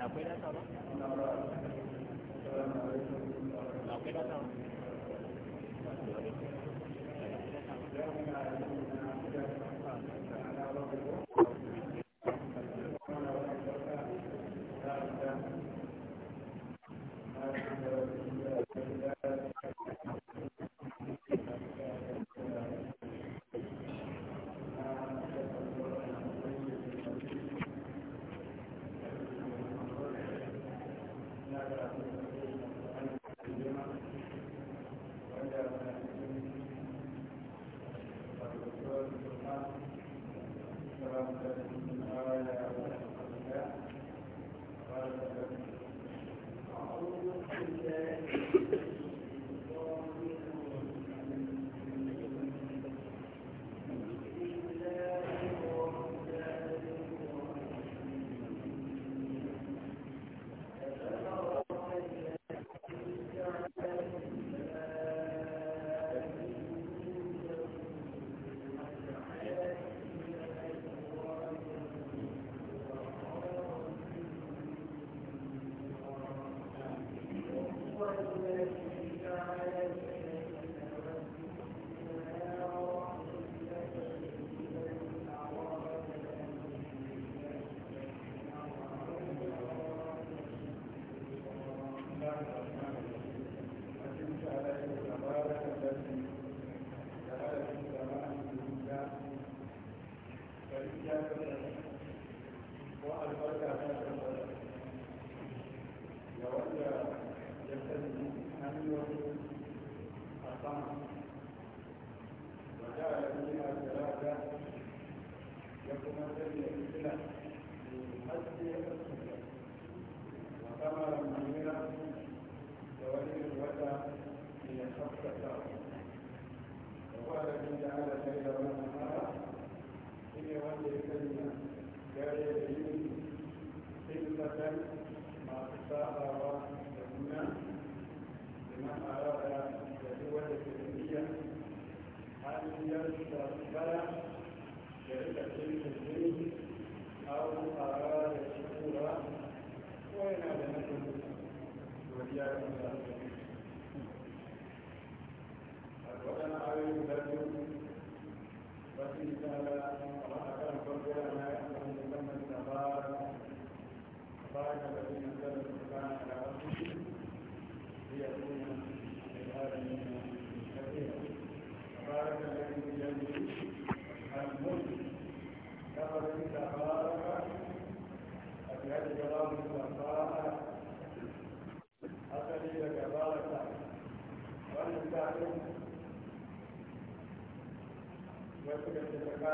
akwai data ba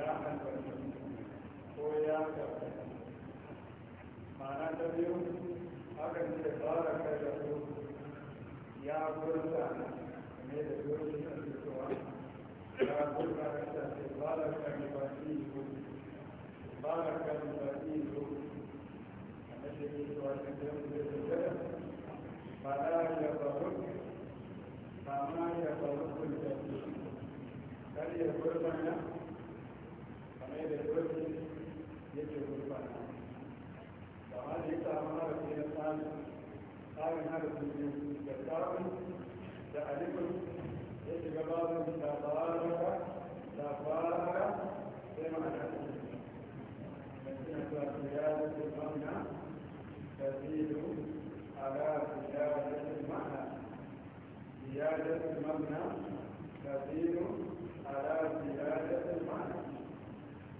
ya hankalta ko ya mana ta biyu hakan ce fara kai da su ya gurta ne da ya gurta da ta ce fara kai da ba yi ko fara kai da ba yi ko a ne ya da ya faru ya faru ya هذا الوجه يجب الفعل فهذه التعمارة هي الآن قائم هذا من الكتاب تعلمكم يجب بعض التعبارة تعبارة كما نحن نحن نحن نحن تزيد على زيادة المعنى زيادة المبنى تزيد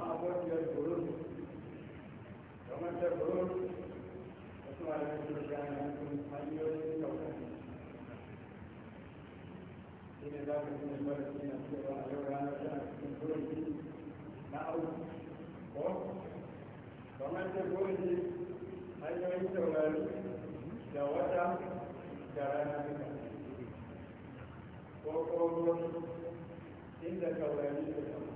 ma abokiyar gurur kamar da gurur wasu malamai sun shi ana yin hanyoyin kautar shi ne za ka fi ne mara shi na cewa a yau ranar tana cikin gurur na auku ko kamar da gurur hanyoyin taurari da wata da rana ko ko inda taurari da taurari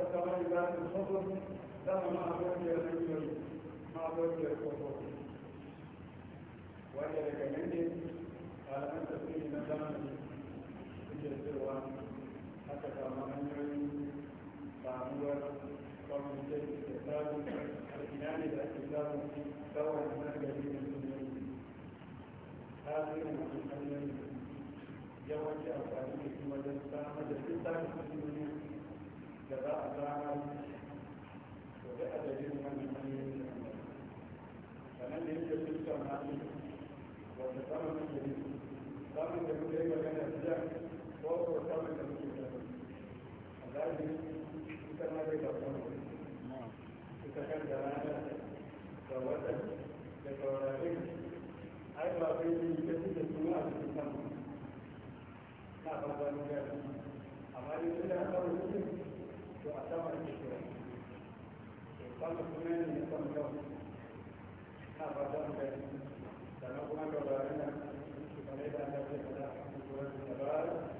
وكمان ذات الخطر له مع وجه الرجل مع وجه الخطر وإذا لك قال أنت فيه مكان في الزروة حتى كما أنجل تعمل قوم الشيء الكتاب الإنان الكتاب دور هناك جديد المسلمين هذه المسلمين يوجه أفعاله في مجلسة مجلسة المسلمين da za a gano da da adadin wannan hanyoyin da sannan da yake fuskar nasu wata zamanin da ne zamanin da muke magana jiya ko ko zamanin da muke magana a zaɓi ita ma zai ga kuma ita kan da rana da wata da taurarin ai ba zai yi da su da suna a cikin sama na ba za mu gaya amma da su da aka wuce sama ake kira sama kuma yana ne sama yau na fata kuma gabarin nan kamar yadda aka ce kada a kan kusurar da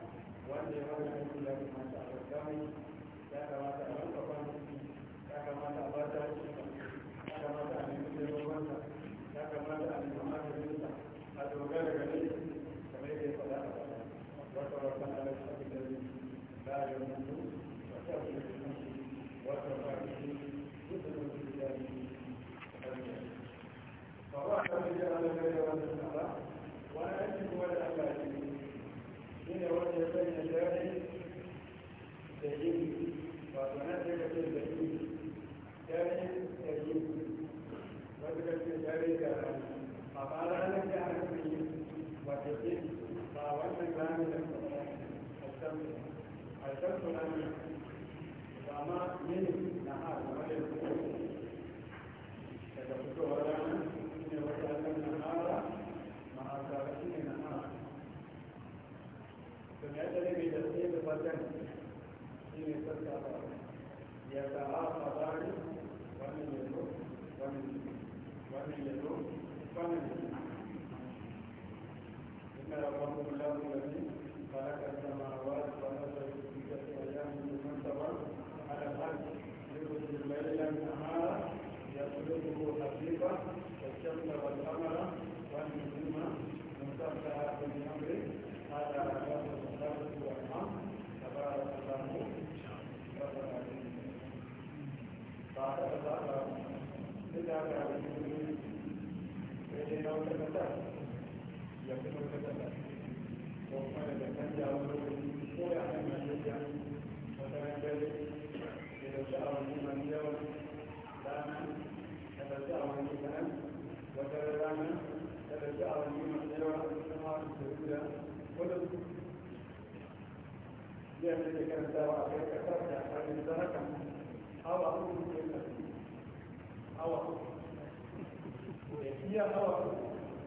wanda ya wani aiki ya kamata a gaggawai ya kamata a ranka kwanaki ya kamata a ba ta ya kamata a nemi taimakonsa ya kamata a nemi maganinsa a dogara da shi kamar yadda ya faɗa a baya wata wata ala ta fi dare la ya mutu wata fi dare wata fa fi duk da mutu da ya yi ba ba a kan da wani wani aiki kuma da yi inda wanda sanya jari da ba wato na daga ce da yin jari da yin wanda ka ce jari da a fara ranar da aka fi ba wato yin ba wannan ranar da kuma a shamsu ranar ba ma yin na har وتنسي حين تتعاطى يتعاقبان ومن يدور ومن ومن يدور ومن إن ربكم الله الذي خلق السماوات والأرض في ستة أيام ثم استوى على الأرض يخرج الليل النهار يطلبه حقيقة الشمس والقمر لأن إذا كان الدواء عليك أثرت عن الدرجة أو أقول أو أقول هي أو أقول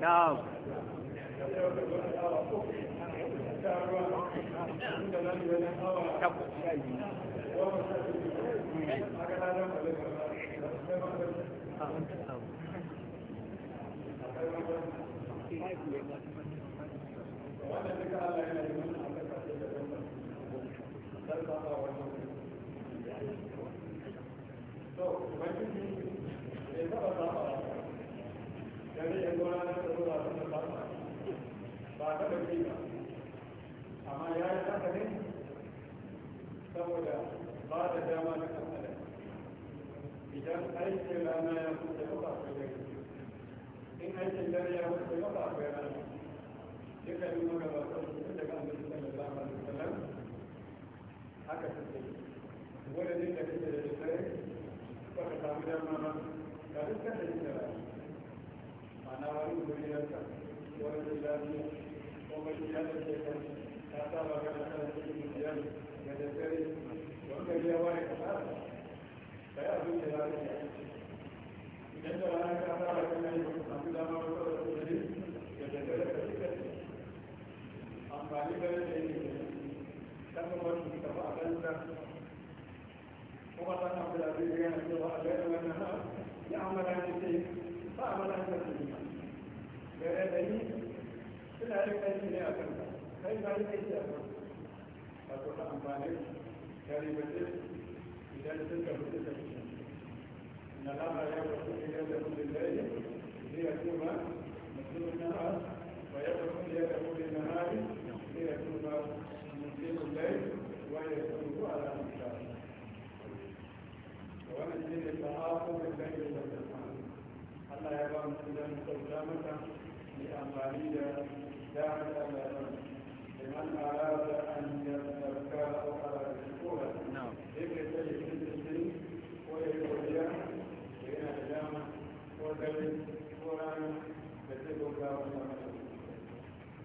نعم Thank you. wannan duka Allah yana yi mana akan kafin da zan kar ba a wannan to ubangiji bai taba saba gare ya gona na tsaro ba sun ba ta da kai ba amma ya yi haka ne saboda ba da dama na kan idan aikin rana ya kusa gaba akwai dare in aikin dare ya kusa gaba akwai rana dukkanin magabata sun daga annabi sallallahu a wasallam haka suke wanda ne da da dare ba ka samu dama ba ga dukkan da kake da ana wani guriyarka wani da lafiya ko ba shi ya da ke kan ta ka ga kasar cikin biyar da dare wanda ya waye ka ba ka ya abin da ya aiki a kan wato ta amfani karibatin idan sun ka mutu da shi na lama ya wasu idan da mutu da yi zai ya kuma mutum na ha wa ya wasu ya da mutu na hari zai ya kuma mutum da yi wa ya kuma ala mutu wannan shi ne ta'afu da kai da wannan Allah ya ba mu da mu sauta mata mai amfani da da Allah ya ba mu لمن أراد أن يتذكر أو أراد شكورا نعم ذكر سيد السن ويقوليان بين الجامع وذلك قرآن كتب الله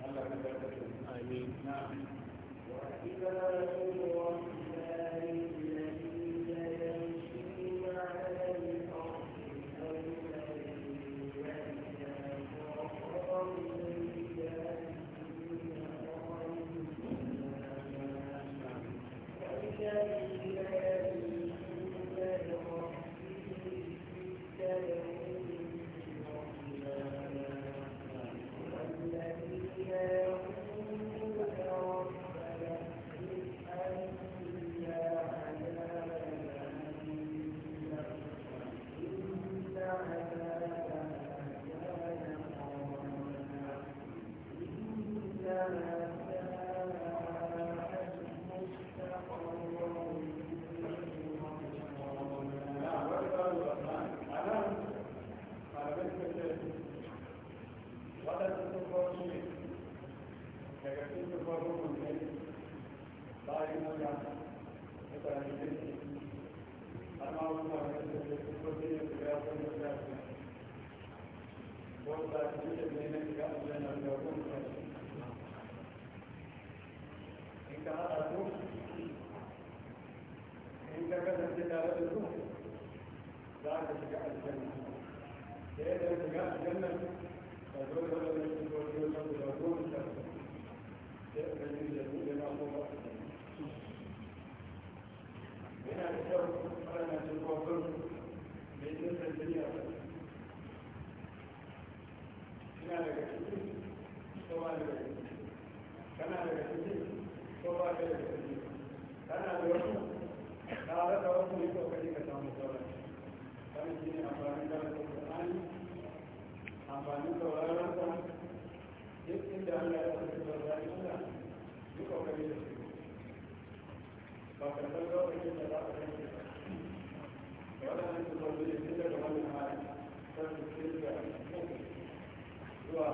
الله كتبته آمين نعم وإذا يقول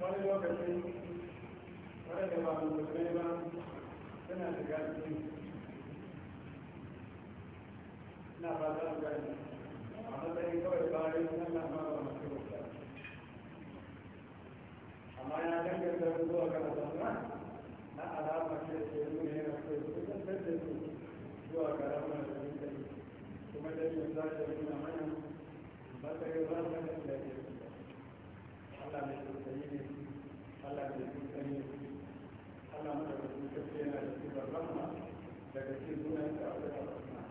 wani lokacin wani da ba musulmai ba suna da gaske na ba za su gani a matsayin kawai bayan sallah ma ba masu rubuta amma ya danganta zuwa ga azamna na alama ce ce nuna yana kai su kan da su zuwa ga ramar da kuma da yin zafi nuna mana matsayin ramar da ya Allah mai tsaye ne Allah mai tsaye ne Allah mai tsaye yana da sifar rahma daga cikin sunan da aka rahma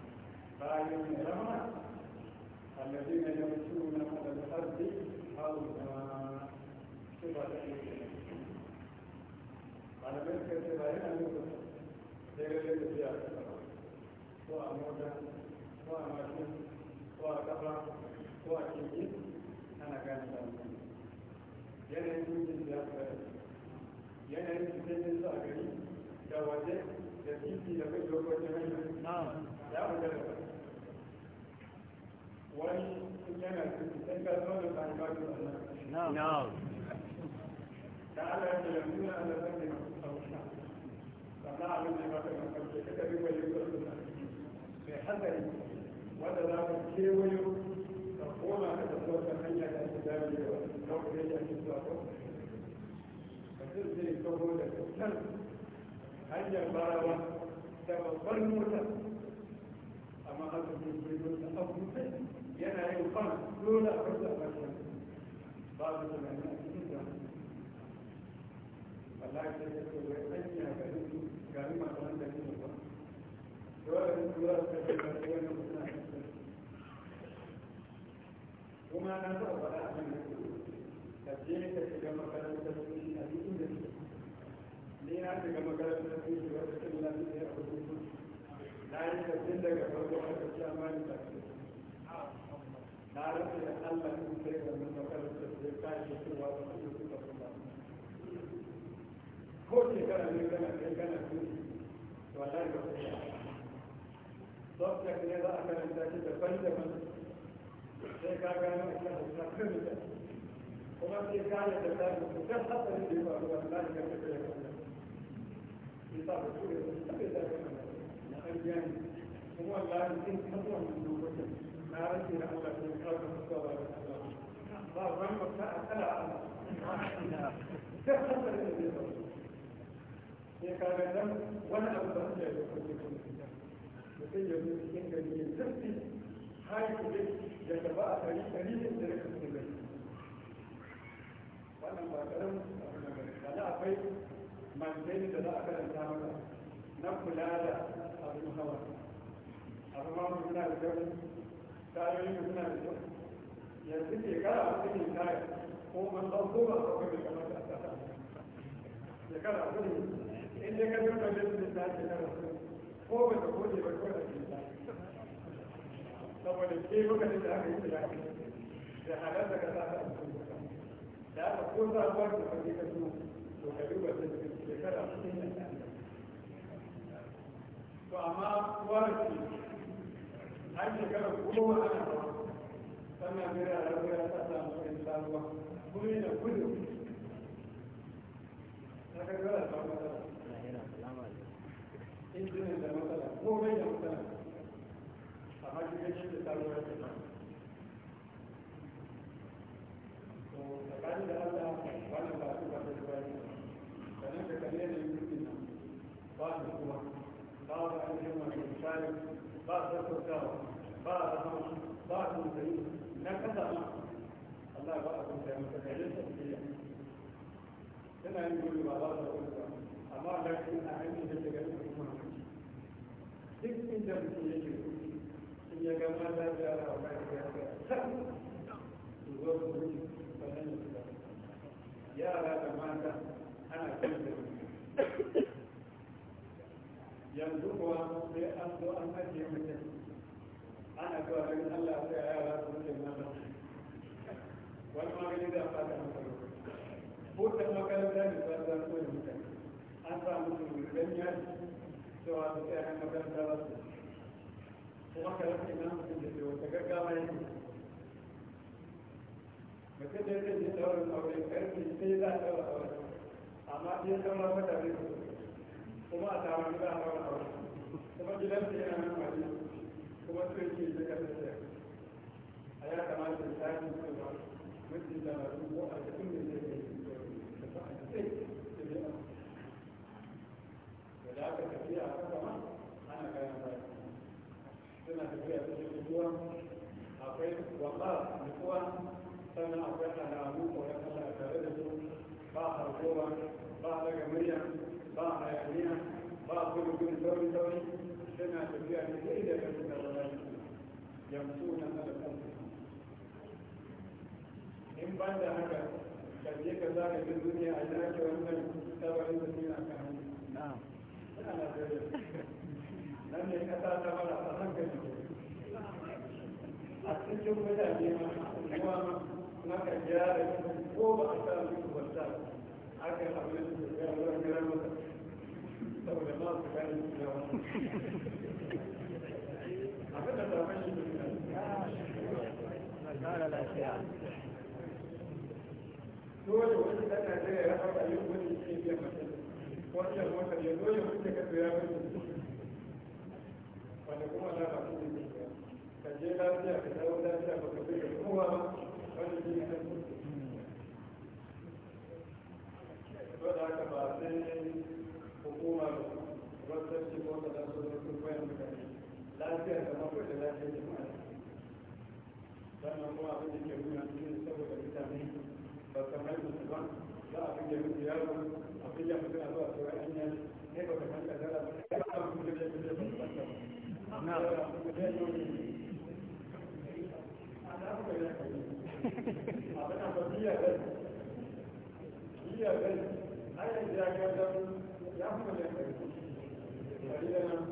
bayan mai rahma الذين يمشون على الأرض هونا sifar da ke على ذلك السبعين أن يكون daga da tafiya ko a mota ko a mashin ko a kafa ko a keke ana gane damuwa yanayin mutum da aka yanayin mutum da gani da waje da titi da kai hanyar ya wani yana da kan da ya zan masu sauka sannan abin da ya kan kada bi da mai hankali wanda za kewayo koma ka tafi wata hanya da ake dami da wani kawai da ake zuwa ko mutum zai kawo da kan hanyar barawa da babbar mota amma haka zai zai mota a kusa yana yin kwan dole a rasa a ba su da nan cikin da Allah ya ce ko wai hanya garin garin masu hankali ne ba dole ne su za su kasance wani mutum kuma na taɓa faɗa a kan ka je ka shiga makarantar kuɗi a cikin da ni na shiga makarantar kuɗi wata kan lafiya a rubutu na yi tafiyar daga farko a ƙarshe amma ta tafiya na rasa da Allah kun sai wannan makarantar sai ka shi cewa ta su suka kuma ko shekara ne kana kai kana kuɗi wallahi ba ku yi ba. Sof ne za a karanta shi daban-daban sai ka gano ita da ta kan da kuma sai ka yi da ta wani abu da ya yi da haihu ne ya gaba a kari dalilin da na kasu da wannan ba karin abu na gari da akwai manzai da za a karanta maka na kula da abin hawa abu ma mu suna da kyau tayoyin mu suna da kyau yanzu ke kara a cikin tayar ko man ba ko ba ko bai kamata a kasa ya kara a cikin in dai ka duka da su da ta ce na rasu ko bai ta gode ba ko da ke saboda ke lokacin da aka yi tilafi da halarta ka sa a cikin da aka ko sa ruwa da kwanke ka zo to ka duba ta da shekara cikin da ta to amma warki an shekara goma ana ba sannan zai rara zai rasa samu kan samuwa kuma yana gudu ta kakkara samuwa injinin da tsakani da Allah wannan ba su ba da ruwa ne sannan ka kalli yanayin mutum nan ba su kuma ba su ainihin wani misali ba su sassautawa ba a zama ba su mutane na kasa ma Allah ba a kunta ya masa kalli sa kuliya tana yin gudu ba ba su kunta amma Allah shi na ainihin da daga yin kuma duk inda mutum yake ya ga da ala ya ga yara da mata ana kan da yanzu kuwa sai an zo an mutum ana zuwa ganin Allah sai yara su mutum mata wani magani da fata makaranta ne ba za su yi an samu su cewa su makaranta ba su kuma ka rasa ina mutum da ke wata gaggawa ya da zai aure karfi sai za a amma kuma a gida a aure kuma yana nan kuma su yake a ya kamata su ba mutum da masu ko a cikin da zai yi da ba a cikin da zai yi da a suna tafiya cikin mutuwa akwai waka mutuwa sannan akwai alamu koyon Allah tare da su ba harkowa ba daga murya ba hayaniya ba gudun saurin sauri suna tafiya cikin da kan suka zama yamsu na alaƙar in ban da haka kaje ka za ka bin duniya a yana ke wannan tabarin da suna kan hannu na'am nan ne kasa ta mara a hankali a cikin mutane kuma na kan ja da ko ba a samu su wata aka haɗu da ya zuwa gara masa saboda ma su gani su yawa a kan da samun shi dole wani ɗan Najeriya ya haɗa yin wani shi biyan mutum wannan motar ya dole wani ka tsaya mutum wanda kuma na ba ne ka je ka ba ka da kowa wani ne ka ba ba ce ko kuma ba ba a fiye mutu yaro a fiye mutu a ba ba ba ba ya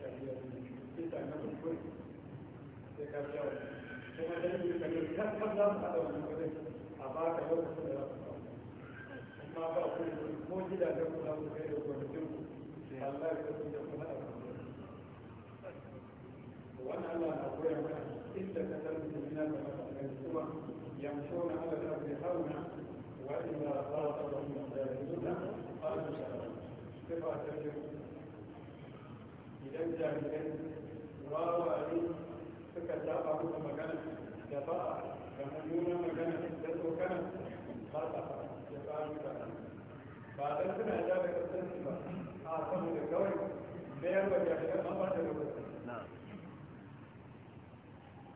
وانا لا اقول لك الا تسلم من الناس يمشون على الارض هونا واذا خاطبهم الجاهلون قالوا سلام صفه الجاهلين اذا الجاهلين وراوا عليهم فكذبوا كانت جفاء كمليون كانت جفاء كانت خطا جفاء كانت بعد ان عذاب التنسبة اعطوا للجوي بيان وجاهلية ما بعد نعم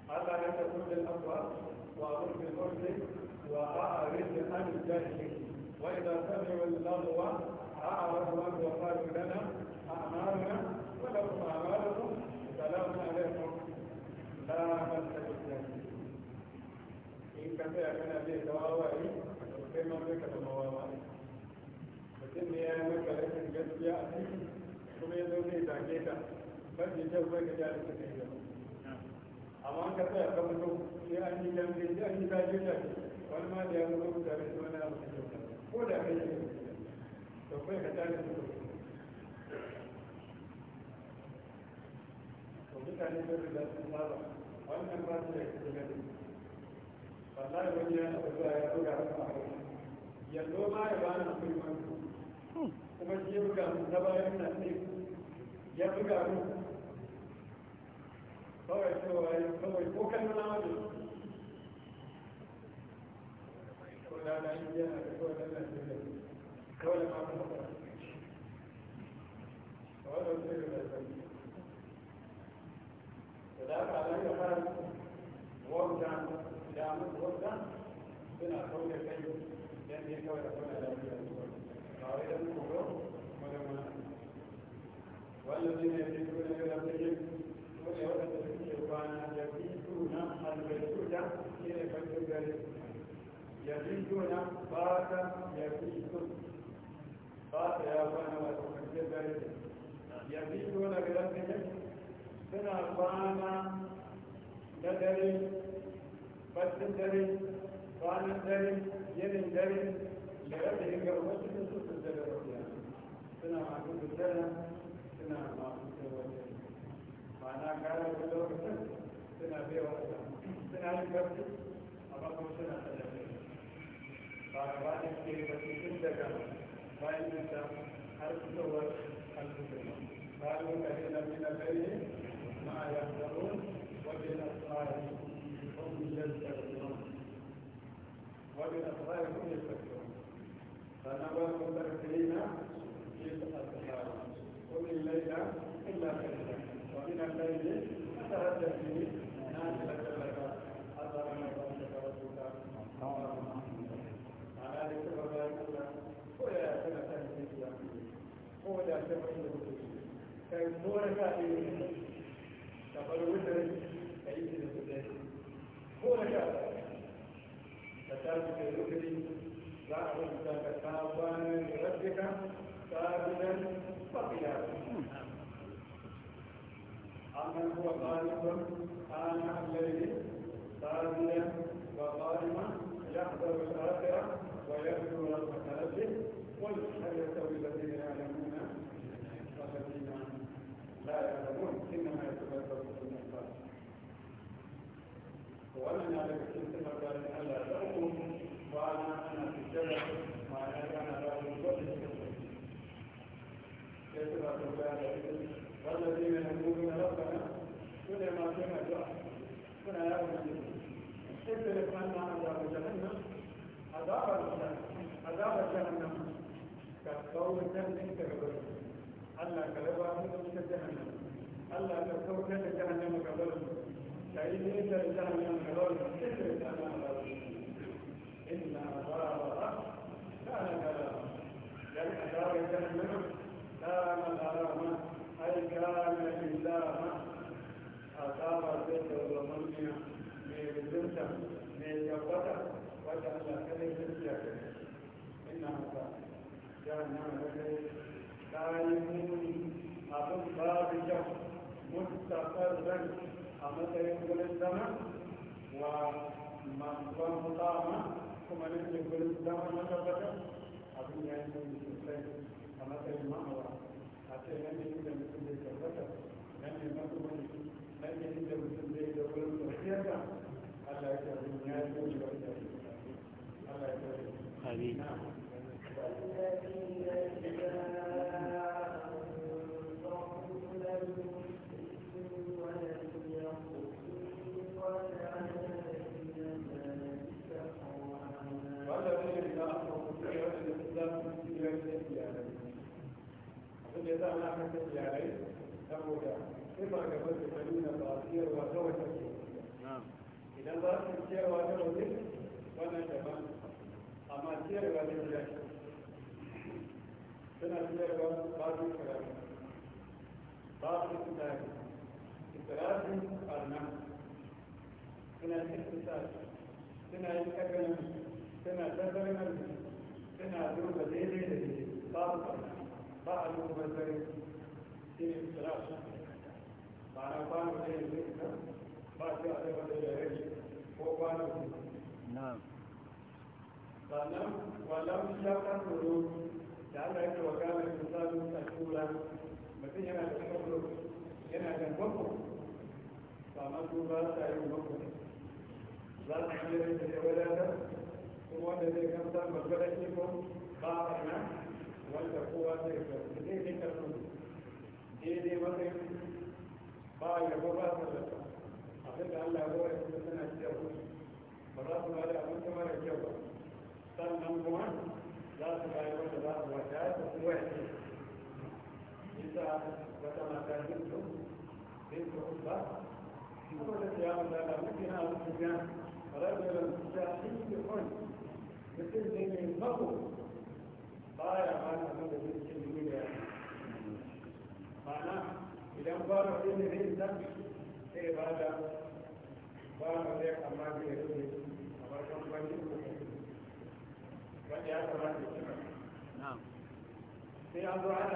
حتى لا تكون للأموال وأظن في الأرض الجاهلين وإذا سمعوا اللغو رأى رزقا وقالوا لنا أعمالنا ولو أعمالنا آمنت بالله ta yau ka tsaya ta ya ko wannan ba su da ita da wallahi wani yana zuwa ya buga yanzu ma ya ba na kulman hmm. kuma shi ya buga mu bayan na ne ya buga mu kawai kawai ko kan nuna wani ko da da kawai yanzu ito da gidan kake suna kwana na dare bacin dare kwanan dare yanin dare da rabin yin garba cikin su sun zaga rafiya suna masu fitara suna masu tsawaje ba na kara da lokacin suna bai wa ta suna yin garba a bakon suna tsallafi ba ga ba ke da cikin daga bayan har su tsawar kan su قالوا فإن من بينهم ما يحذرون وبالأسرار هم يذكرون وبالأسرار هم يذكرون فنوى المتكلمين في الأسرار قل الليل إلا قليلا ومن الليل تهجد به نازلة لك حتى أن يرحمك ربك على ذلك فلا يقول ولا سنة هو لا سنة kai ko na ka ɗaya ne ka bar wutar ka yi da kudai ko na ka ka tashi kai rukuni za a rubuta ka ta kwanan rabbika sabilan faqiya amman huwa qalibun ana alladhi sabilan wa qaliman يحذر الآخرة ويبدو رحمة ربه والحمد wannan na daga cikin sifar da Allah ya dauko ba na ana fitar ma'ana ta na ba da wata cikin sai suna tambaya da ita wanda zai mai hannu na rabbana sune masu yin addu'a suna yawon jini sai da rikman na azabar jahannam azabar azabar jahannam ka kawai can ɗin ka gaba Allah ka raba mu da wutar jahannam Allah ka kawai da jahannam ka gaba فإن ليس الإنسان من الحلول فكيف الإنسان من الحلول إن أي كان الإلام أثار زيت الرمانية من زمتا من جوتا وجعل كلمة زمتا إن أثار جهنم كان من أبو باب جهنم a matsayin gurin zama wa masu mutama kuma nufin gurin zama na abin ya yi sosai a matsayin ma'awa a ce nan ne inda mutum zai nan ne nan ne inda mutum zai da gurin Allah ya ce abin ya yi Allah ya fargabar da ta nuna ba siyarwa ta wata ce idan ba su siyarwa ta waje wannan daban amma siyarwa ta gida ce suna siyarwa ba su kirari ba su kirari ikirarin arna suna kirkisa suna yin kaganan suna tazarin suna duba daidai da daidai ba su ba a duba zare shi ne kirari ma'ana kwano da yanzu isa ba shi a ɗaya da ya rage ko kwano biyu sannan wallan ya kasoro da Allah ya kawo gane misalin tsakura mutum yana da kasoro yana da bako sannan su ba sa yin za su yi rai da ya wadatar kuma wanda zai kamsa magwadan iko ba a nan wanda kowa zai karfi zai ne karfi daidai matsayin ba ya ba ba ta zata abin da Allah ya ba ya kuma tana ciyarwa ba za su bada abin ta mara kyau ba sannan kuma za su bada wanda za su wata ya ta kuma ce bisa wata mata yin su yin su ba shi kuma da ciyawa da ala mutum na mutum ya rajalan shahin da kwan mutum ne mai mako ba ya ba ta mada cikin cin duniya ma'ana idan ba mu ne yin nan sai ba da ba mu da amma da yau ne kamar kan bani ko wanda ya kamata ya kira na'am sai an zo ana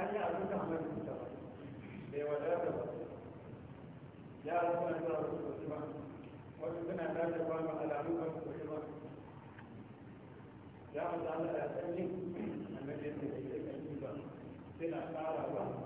an yi abin da amma da ba bai wadata ba ya rasu an zara su ba wasu suna ba mu alamu kan sosai ba ya mutu Allah ya annabi ne da ya kan yi ba suna tsara ba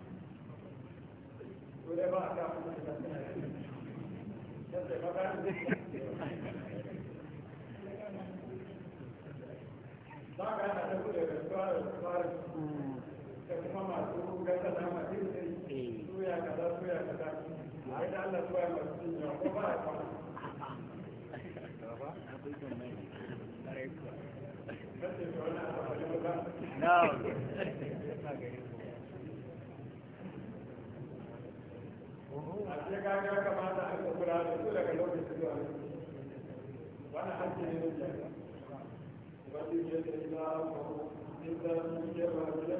No. a ce ka ga kamata a kura da su daga lokacin zuwa wani hakki ne da wani ya ce ila ko inda su ke ba da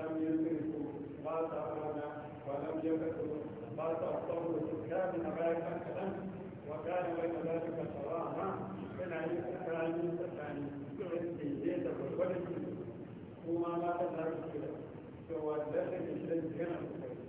lam yusrifu ba ta rana wa lam yakatu ba ta sabu kana bayan kadan wa kana bayan zalika sarana yana yin tsakani tsakani da ke da gurbanin kuma ma ta zaru cewa da take shirin yana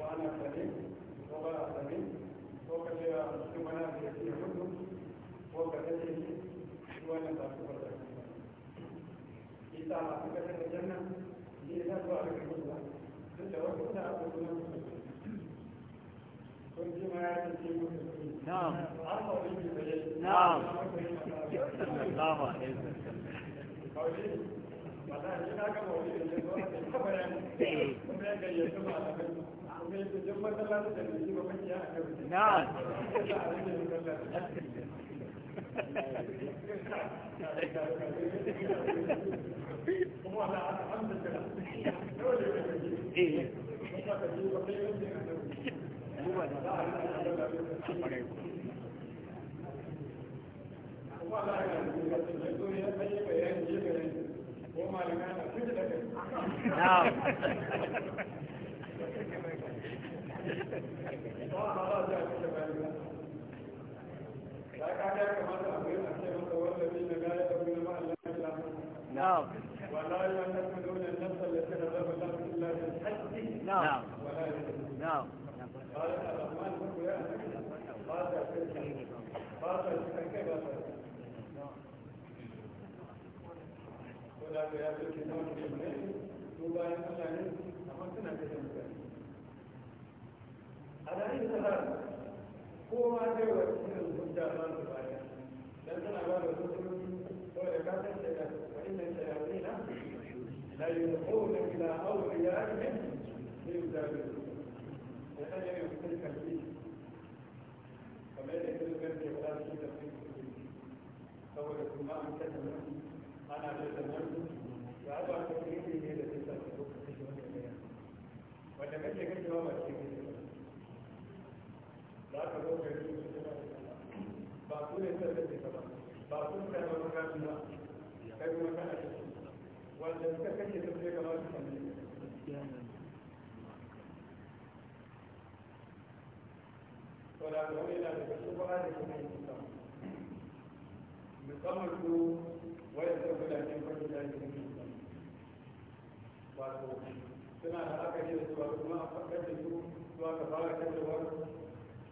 ko ana sane ko ba ko ka ce a mutum ana da ya fiye mutu ko ka kace shi shi wannan ba su barka isa masu kasar da janna ne na'am ba na'am Allahu ba za a ji na ga maulidin ne ba ta bayan kuma ya gayyaci na'am ya kamata a kai a kai masa wanda bin da gaya da قال الرحمن هو يا قال قال كيف ولا يا الكتاب المؤمن توبا الى الله amma suna da mutane a ranar dan da musulunci saboda ta yi ta da ana ba ta yi ta ta ba ce ne za ka zo ka yi ba ku ne ta da ta ba ba ku ne ta da ta ba kai kuma ta da ta wanda ta kake ta ce ga wasu kamar to da ga wani da ta so ba da ta ne ta musamman waya ta guda ne ko ta da ta ne ba to suna da aka da su ba kuma a fakar da su su aka fara kai da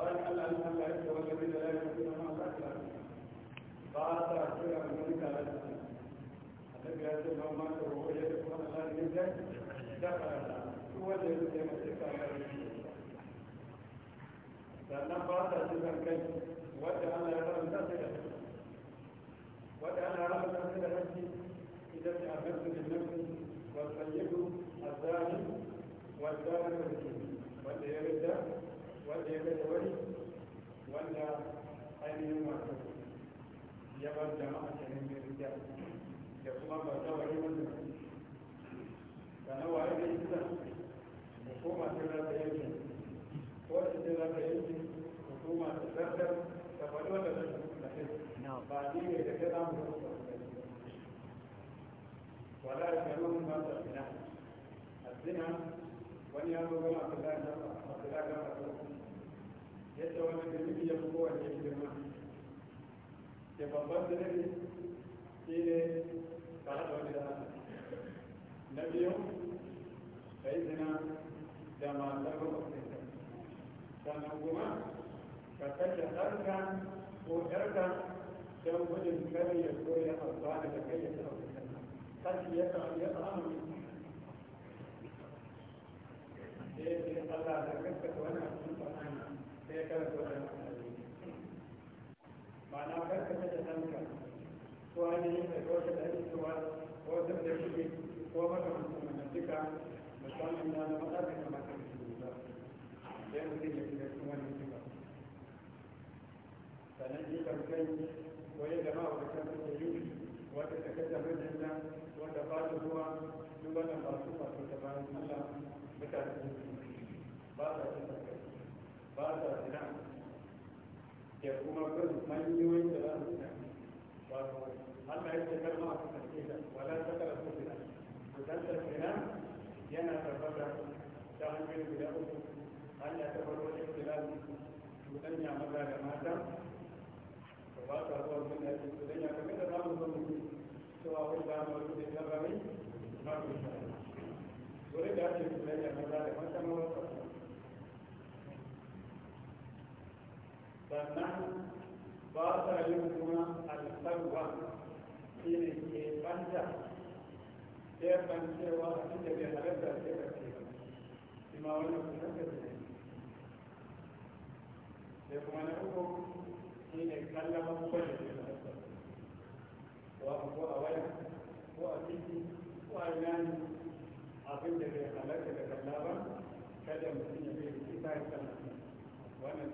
قال هل أنت لا يكتب الذين لا يكتبون ما ذكر قال تأثير من ذلك الذي يأتي ما وهو يدخل على الجنة دخل هو الذي يمسك على sannan ba ta cikin kai wadda ana ya rami ta sai da wadda ana rami ta sai da haƙƙi idan ta abinci da nufi a wanda ya gada wani wanda ainihin wato ya jama'a ta nemi rikiya da kuma ba ta wani wanda da na waye da ita da ta rasa yanki ko da ta rasa yanki da ta zartar da faɗo da ta ba ni ne da ta zamu wala ya karu ba ta zina a zina wani ya zo gama abdullahi na abdullahi na yadda wani zunubi ya fi kowane girma da babban zunubi shi ne ka haɗa wani da Allah na biyu ka yi zina da matar makwabcinka sannan kuma ka kashe ɗanka ko ƴarka don gudun kar ya zo ya amfana da kai ya taɓa kashi ya taɓa ya taɓa mai ne ya ce Allah da kanka wani abu ma'ana karkata da kanka ko ainihin da wata da ake cewa ko ta da shige ko maka musamman duka musamman na da maza da kamar kan su ba sai mutum ya shiga kuma wannan duka sannan ji karkai ko ya gama wa kan da yi wata ta kasa mijinta wanda ba ta zuwa duk wannan ba su fasu ta bayan Allah mutane ba sa cin ba sa sinan da kuma kan hanyoyin da za su tafi wato Allah ya ce kalma a cikin kida wala ta kara su kida dan yana tabbata ta hanyoyin guda uku Allah ya tabbata wajen kilabi cutan ya maza da mata su ba ta zuwa sun da cutan ya kamar da zamu zo mu cewa wani da mu zo da tabbami ba ku shi dole da ake cutan ya maza da mata ma wata sannan ba sa yin kuma alfarwa shi ne ke banta ya kan cewa a cikin bai halatta ka ce ba shi ma ka kuma na uku shi ne kallon abubuwan da ke halatta wa ko a waya ko a titi ko a abin da bai halatta da kada mutum ya bai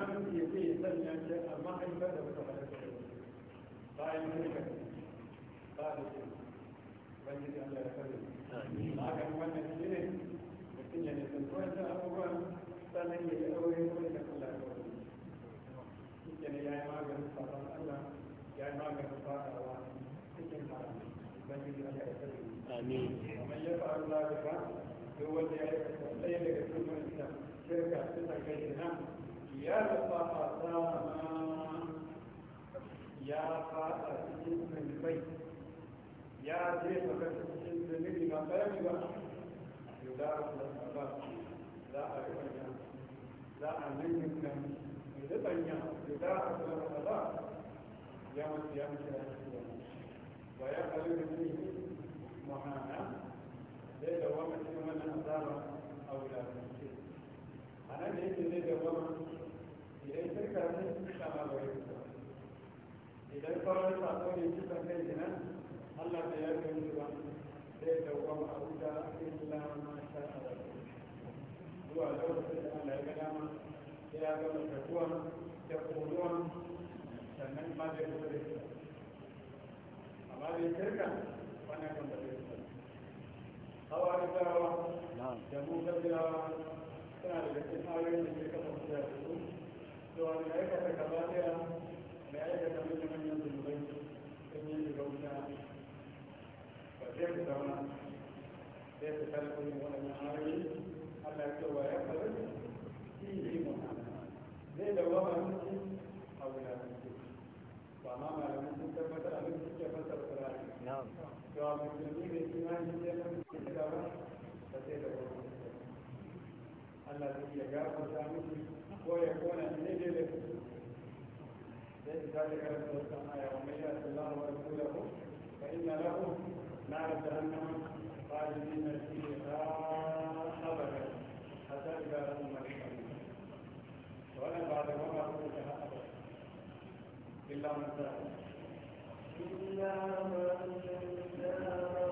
namiji ya ce sanya shi amma haifar da wata bayan ba da shi ban Allah ya kare ga wannan shi ne ya aure da Allah ya kare shi ya yi maganin sabon Allah ya yi maganin fadawa cikin ban Allah ya kare amin ya faru duk wanda ya yi daga cikin shirka nan ya rafa a sama ya fata cikin zanibai ya zai faka cikin zanibai ba ɗaya ne ba ba za a yi wanya za a nan yin nan mai zubanya yau da a kuma rafa ba ya mace ya mace da su wani ba ya kalli da zai yi mahana zai da wani cikin wannan tsara a wulatance da yake zai idan shirka ne shirka ma idan kawai sako da ya da hawa da to mai aikata gaba daya mai aikata manya manyan zunubai sun yi shiga wuta ba zai ku zauna zai ku talibin waɗannan hanyoyi allah ya cewa ya faru shi ne mu'amala zai da wa aminci a wulatanci ba ma malamin sun tabbatar abin da suke fasa da tsirari to ne shi ma shi zai fasa da tsirari ba zai da wa Allah zai iya gafarta ويكون من اجلك ليس ذلك لكم السماء ومن يات الله ورسوله فان له نار جهنم خالدين فيها ابدا حتى اذا لهم ملكا ولا بعد ما قلتها ابدا الا من تاب الا من تاب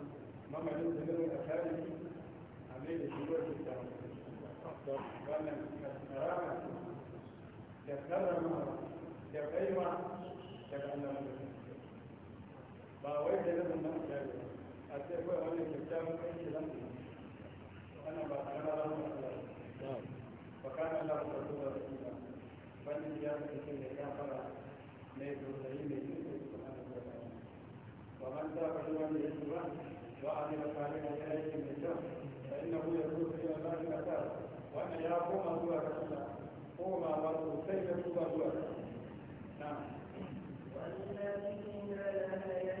mamarin da gano da kare a mai da shi wata da wannan karama da karama da kaima daga annan ba wai da nan nan da a ce kawai wani kyakkyawan kai shi zan wannan ba a rana ba ba kana ba ta zuwa da wannan ya fi ne ya fara mai tausayi mai yin su a nan da ba ba man ta faɗi wani ya وعمل صالحا يأتي من الجنة فإنه يكون إلى الله مكان وأن يا قوم هو كلا قوم برضو كيف هو هو نعم والذين لا يأتي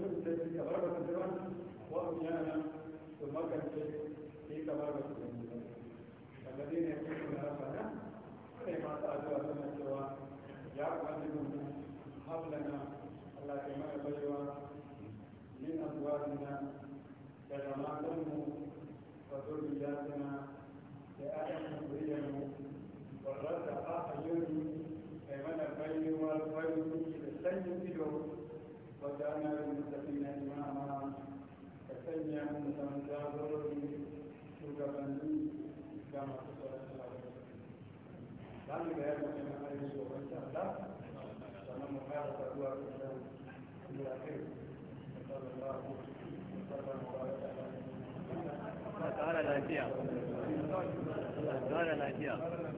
wani da sai ka bar masa jira ko a biya na to magance sai ka bar masa jira daga dai ne ya kuma na fara kuma cewa ya kuma ji gudu haɓula na Allah ke mara bayyawa min abuwa zina da zama don mu ka zo biya suna da ayan kuriyar mu ba za ta fa a yi wani kai mana bayyawa bayyawa da sanyin ido وجعلنا للمتقين إماما كسنيا من جابرني شكرني كما تصلى Zamu ga yadda mai ma'aikata shi wa wancan da, sannan